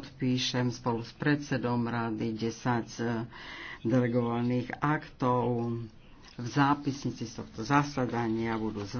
podpíšem spolu s predsedom rady 10 delegovaných aktov. V zápisnici z tohto zasadania budú zverejnené.